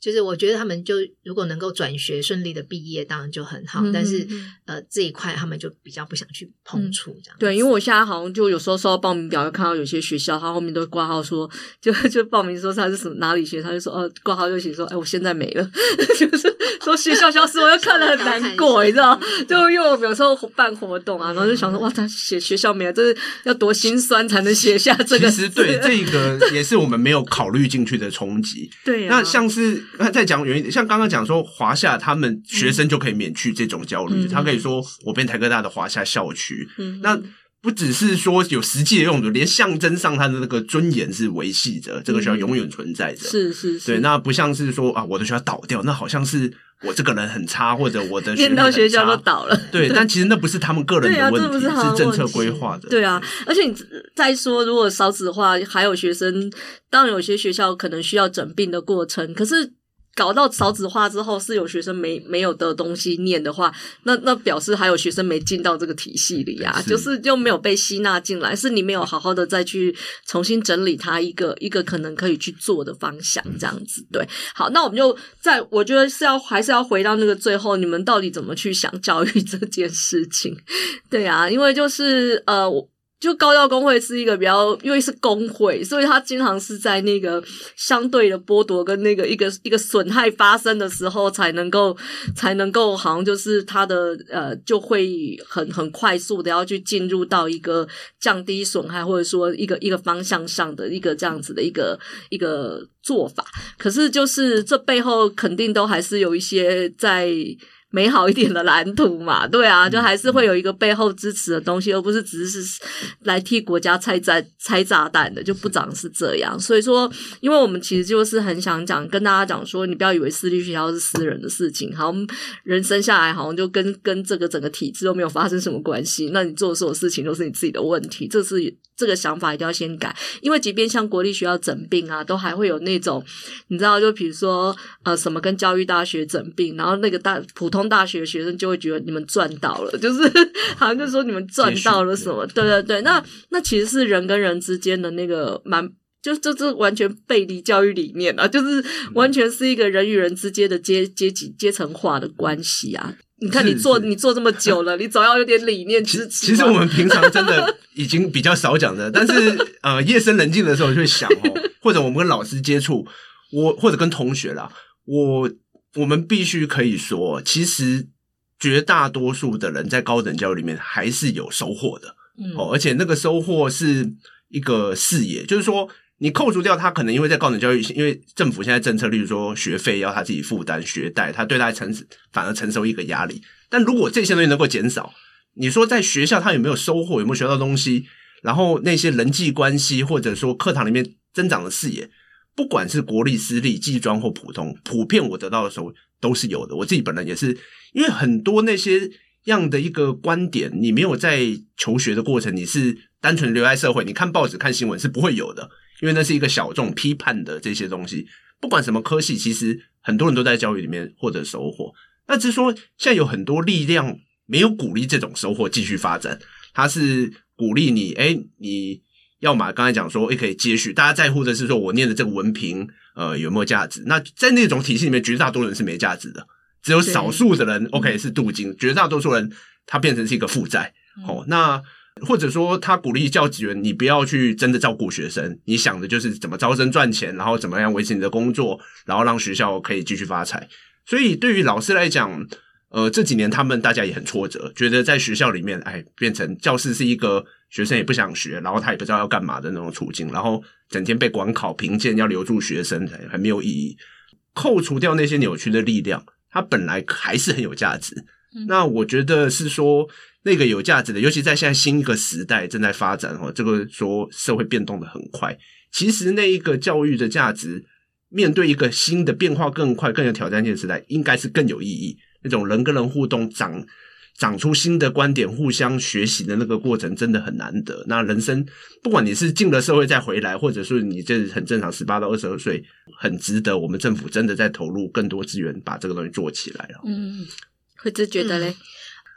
就是我覺得他們就如果能夠轉學順利的畢業，當然就很好。嗯、但是呃，這一塊他們就比較不想去碰觸這樣。對，因為我現在好像就有時候收到報名表，會看到有些學校他後，後面都括號說，就就報名說他是什麼哪裡學，他就說哦括、呃、號就寫。說哎，我現在沒了， *laughs* 就是說學校消失，我又看了很難過， *laughs* 你知道？就又比如說辦活動啊，然後就想說哇，他寫學校沒了，就是要多心酸才能寫下這個。其實對，這個也是我們沒有考慮進去的衝擊。 *laughs* 對、啊，那像是。那再講原因，像剛剛講說，華夏他們學生就可以免去這種焦慮，嗯、他可以說我變台科大的華夏校區。嗯，那不只是說有實際的用途，嗯，連象徵上他的那個尊嚴是維繫着，嗯，這個學校永遠存在著。是是是，對。那不像是說啊，我的學校倒掉，那好像是我這個人很差，或者我的連到學校都倒了對對。對，但其實那不是他們個人的問題，啊、是政策規劃的。對啊，對而且你再說，如果少子化，還有學生，當然有些學校可能需要整併的過程，可是，搞到少子化之後，是有學生沒沒有的東西念的話，那那表示還有學生沒進到這個體系裡呀，就是就沒有被吸納進來，是你沒有好好的再去重新整理它一個一個可能可以去做的方向，這樣子對。好，那我們就在，我覺得是要還是要回到那個最後，你們到底怎麼去想教育這件事情？ *laughs* 對呀，因為就是呃。就高教工會是一個比較，因為是工會，所以他經常是在那個相對的剝奪跟那個一個一個損害發生的時候才能夠，才能夠才能夠好像就是他的呃，就會很很快速的要去進入到一個降低損害或者說一個一個方向上的一個這樣子的一個一個做法。可是就是這背後肯定都還是有一些在。美好一點的藍圖嘛，對啊，就還是會有一個背後支持的東西，而不是只是來替國家拆炸拆炸彈的，就不長是這樣。所以說，因為我們其實就是很想講跟大家講說，你不要以為私立學校是私人的事情，好，人生下來好像就跟跟這個整個體制都沒有發生什麼關係，那你做的所有事情都是你自己的問題，這是這個想法一定要先改。因為即便像國立學校整併啊，都還會有那種你知道，就比如說呃，什麼跟教育大學整併，然後那個大普通。大學學生就會覺得你們賺到了，就是好像就說你們賺到了什麼？對對對，那那其實是人跟人之間的那個蠻，就就就完全背離教育理念啊，就是完全是一個人與人之間的階階級階層化的關係啊！你看你做是是你做這麼久了，嗯、你總要有點理念其實、啊、其實我們平常真的已經比較少講的， *laughs* 但是呃，夜深人靜的時候就會想哦， *laughs* 或者我們跟老師接觸，我或者跟同學啦，我。我們必須可以說，其實絕大多數的人在高等教育裡面還是有收穫的，嗯，哦，而且那個收穫是一個視野，就是說，你扣除掉他可能因為在高等教育，因為政府現在政策例如說學費要他自己負擔，學貸他對他承反而承受一個壓力，但如果這些東西能夠減少，你說在學校他有沒有收穫，有沒有學到東西，然後那些人際關係或者說課堂裡面增長的視野。不管是國立、私立、技專或普通，普遍我得到的時候都是有的。我自己本人也是，因為很多那些樣的一個觀點，你沒有在求學的過程，你是單純留在社會，你看報紙、看新聞是不會有的。因為那是一個小眾批判的這些東西，不管什麼科系，其實很多人都在教育裡面獲得收穫。那只是說現在有很多力量沒有鼓勵這種收穫繼續發展，他是鼓勵你，哎、欸，你。要麼剛才講說，也可以接續。大家在乎的是說我念的這個文憑，呃，有沒有價值？那在那種體系裡面，絕大多數人是沒價值的，只有少數的人 OK 是鍍金、嗯。絕大多數人他變成是一個負債。哦，嗯、那或者說他鼓勵教職員，你不要去真的照顧學生，你想的就是怎麼招生賺錢，然後怎麼樣維持你的工作，然後讓學校可以繼續發財。所以對於老師來講，呃，這幾年他們大家也很挫折，覺得在學校裡面，哎，變成教師是一個。學生也不想學，然後他也不知道要幹嘛的那種處境，然後整天被管考評鑑，要留住學生還沒有意義。扣除掉那些扭曲的力量，它本來還是很有價值。那我覺得是說，那個有價值的，尤其在現在新一個時代正在發展哦，這個說社會變動得很快，其實那一個教育的價值，面對一個新的變化更快、更有挑戰性的時代，應該是更有意義。那種人跟人互動長長出新的觀點，互相學習的那個過程真的很難得。那人生不管你是進了社會再回來，或者是你這很正常，十八到二十二歲，很值得我們政府真的再投入更多資源把這個東西做起來。嗯，我就覺得嘞、嗯，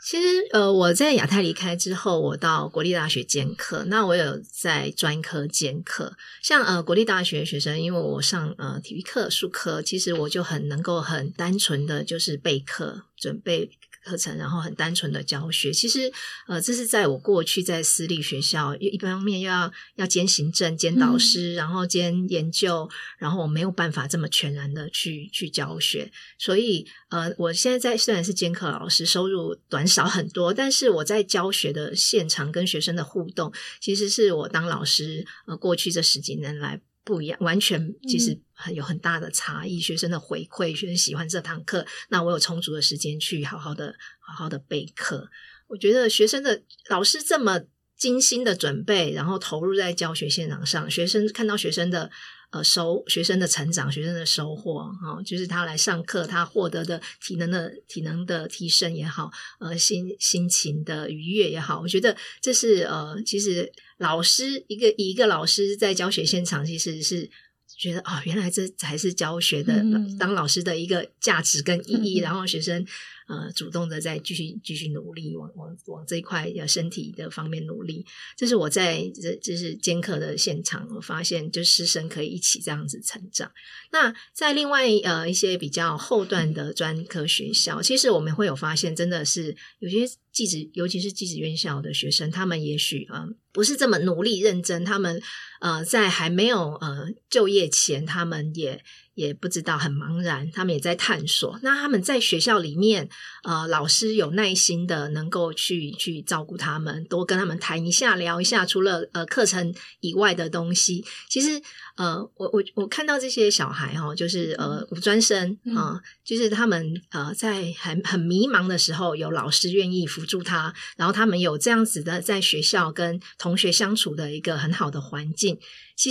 其實呃我在亞太離開之後，我到國立大學兼課，那我有在專科兼課。像呃國立大學學生，因為我上呃體育課、數科，其實我就很能夠很單純的就是備課準備。課程，然後很單純的教學，其實，呃，這是在我過去在私立學校，一方面要要兼行政、兼導師，然後兼研究，然後我沒有辦法這麼全然的去去教學，所以，呃，我現在在雖然是兼課老師，收入短少很多，但是我在教學的現場跟學生的互動，其實是我當老師，呃，過去這十幾年來不一樣，完全其實，嗯。有很大的差異。學生的回饋，學生喜歡這堂課，那我有充足的時間去好好的、好好的備課。我覺得學生的老師這麼精心的準備，然後投入在教學現場上，學生看到學生的呃收學生的成長、學生的收穫，哈、哦，就是他來上課，他獲得的體能的體能的提升也好，呃，心心情的愉悅也好，我覺得這是呃，其實老師一個一個老師在教學現場其實是。覺得哦，原來這才是教學的、嗯、當老師的一個價值跟意義，嗯、然後學生。呃，主動的再繼續繼續努力，往往往這一塊要、呃、身體的方面努力。這是我在這，就是兼課的現場，我發現，就師生可以一起這樣子成長。那在另外呃一些比較後段的專科學校，其實我們會有發現，真的是有些技職，尤其是技職院校的學生，他們也許呃不是這麼努力認真，他們呃在還沒有呃就業前，他們也。也不知道，很茫然。他們也在探索。那他們在學校裡面，呃，老師有耐心的能，能夠去去照顧他們，多跟他們談一下、聊一下。除了呃課程以外的東西，其實呃，我我我看到這些小孩哈，就是呃五專生啊、呃，就是他們呃在很很迷茫的時候，有老師願意輔助他，然後他們有這樣子的在學校跟同學相處的一個很好的環境。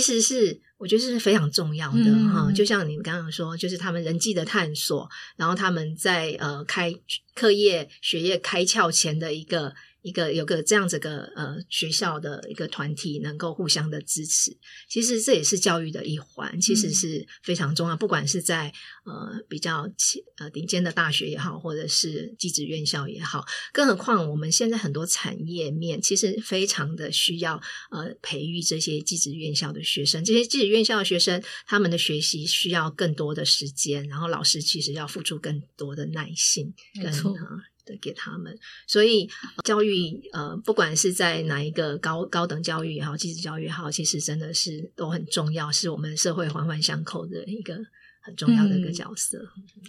其實是，我覺得是非常重要的哈，嗯，哦，就像你剛剛說，就是他們人際的探索，然後他們在呃開課業學業開竅前的一個。一個有個這樣子的個呃學校的一個團體能夠互相的支持，其實這也是教育的一環，嗯、其實是非常重要。不管是在呃比較起呃頂尖的大學也好，或者是技職院校也好，更何況我們現在很多產業面其實非常的需要呃培育這些技職院校的學生，這些技職院校的學生他們的學習需要更多的時間，然後老師其實要付出更多的耐心，沒的給他們，所以、呃、教育、呃，不管是在哪一個高高等教育也好，基礎教育也好，其實真的是都很重要，是我們社會環環相扣的一個很重要的一個角色。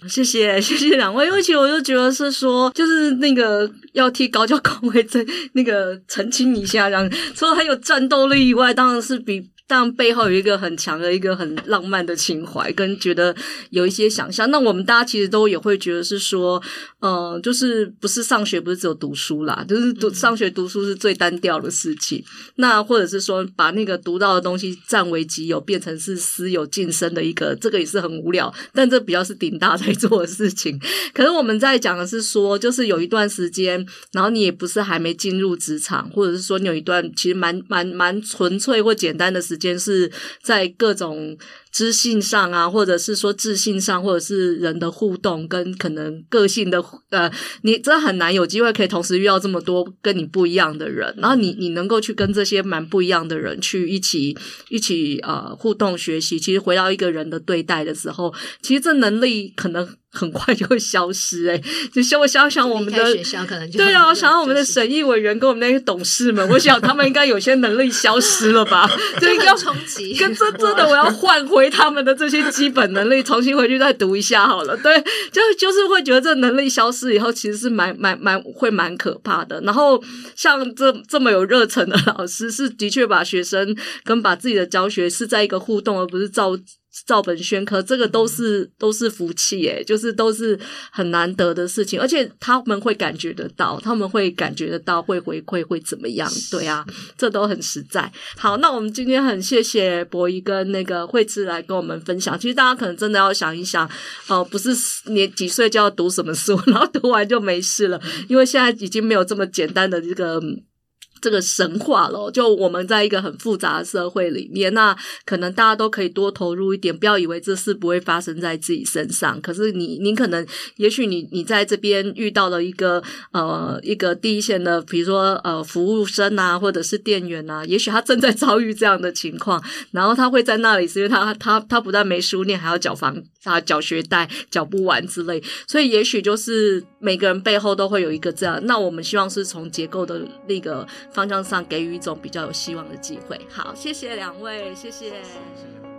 嗯、謝謝謝謝兩位，尤其我就覺得是說，就是那個要替高教工會在那個澄清一下，這樣，除了還有戰鬥力以外，當然是比。但背後有一個很強的一個很浪漫的情懷，跟覺得有一些想象。那我們大家其實都也會覺得是說，嗯、呃，就是不是上學不是只有讀書啦，就是讀、嗯、上學讀書是最單調的事情。那或者是說，把那個讀到的東西占為己有，變成是私有晉升的一個，這個也是很無聊。但這比較是頂大在做的事情。可是我們在講的是說，就是有一段時間，然後你也不是還沒進入職場，或者是說你有一段其實蠻蠻蠻，蠻純粹或簡單的事時間是在各種知性上啊，或者是說自信上，或者是人的互動跟可能個性的，呃，你真的很難有機會可以同時遇到這麼多跟你不一樣的人，然後你你能夠去跟這些蠻不一樣的人去一起一起呃互動學習，其實回到一個人的對待的時候，其實這能力可能。很快就會消失哎，、欸！只是我想想我們的學校可能就，對啊，我想想我們的審議委員跟我們那些董事們， *laughs* 我想他們應該有些能力消失了吧？ *laughs* 就應該要跟真真的，我要換回他們的這些基本能力， *laughs* 重新回去再讀一下好了。對，就就是會覺得這能力消失以後，其實是蠻蠻蠻會蠻可怕的。然後像這這麼有熱忱的老師，是的確把學生跟把自己的教學是在一個互動，而不是照。照本宣科，這個都是都是福氣耶，就是都是很難得的事情，而且他們會感覺得到，他們會感覺得到會回饋會怎麼樣？對啊，這都很實在。好，那我們今天很謝謝柏儀跟那個惠芝來跟我們分享。其實大家可能真的要想一想，哦、呃，不是年幾歲就要讀什麼書，然後讀完就沒事了，因為現在已經沒有這麼簡單的這個。這個神話咯就我們在一個很複雜的社會裡面，那可能大家都可以多投入一點，不要以為這事不會發生在自己身上。可是你，你可能，也許你，你在這邊遇到了一個呃，一個第一線的，比如說呃，服務生啊，或者是店員啊，也許他正在遭遇這樣的情況，然後他會在那裡，是因為他他他不但沒書念，還要繳房他繳學貸、繳不完之類，所以也許就是每個人背後都會有一個這樣。那我們希望是從結構的那個，方向上給予一種比較有希望的機會。好，謝謝兩位，謝謝。謝謝，謝謝。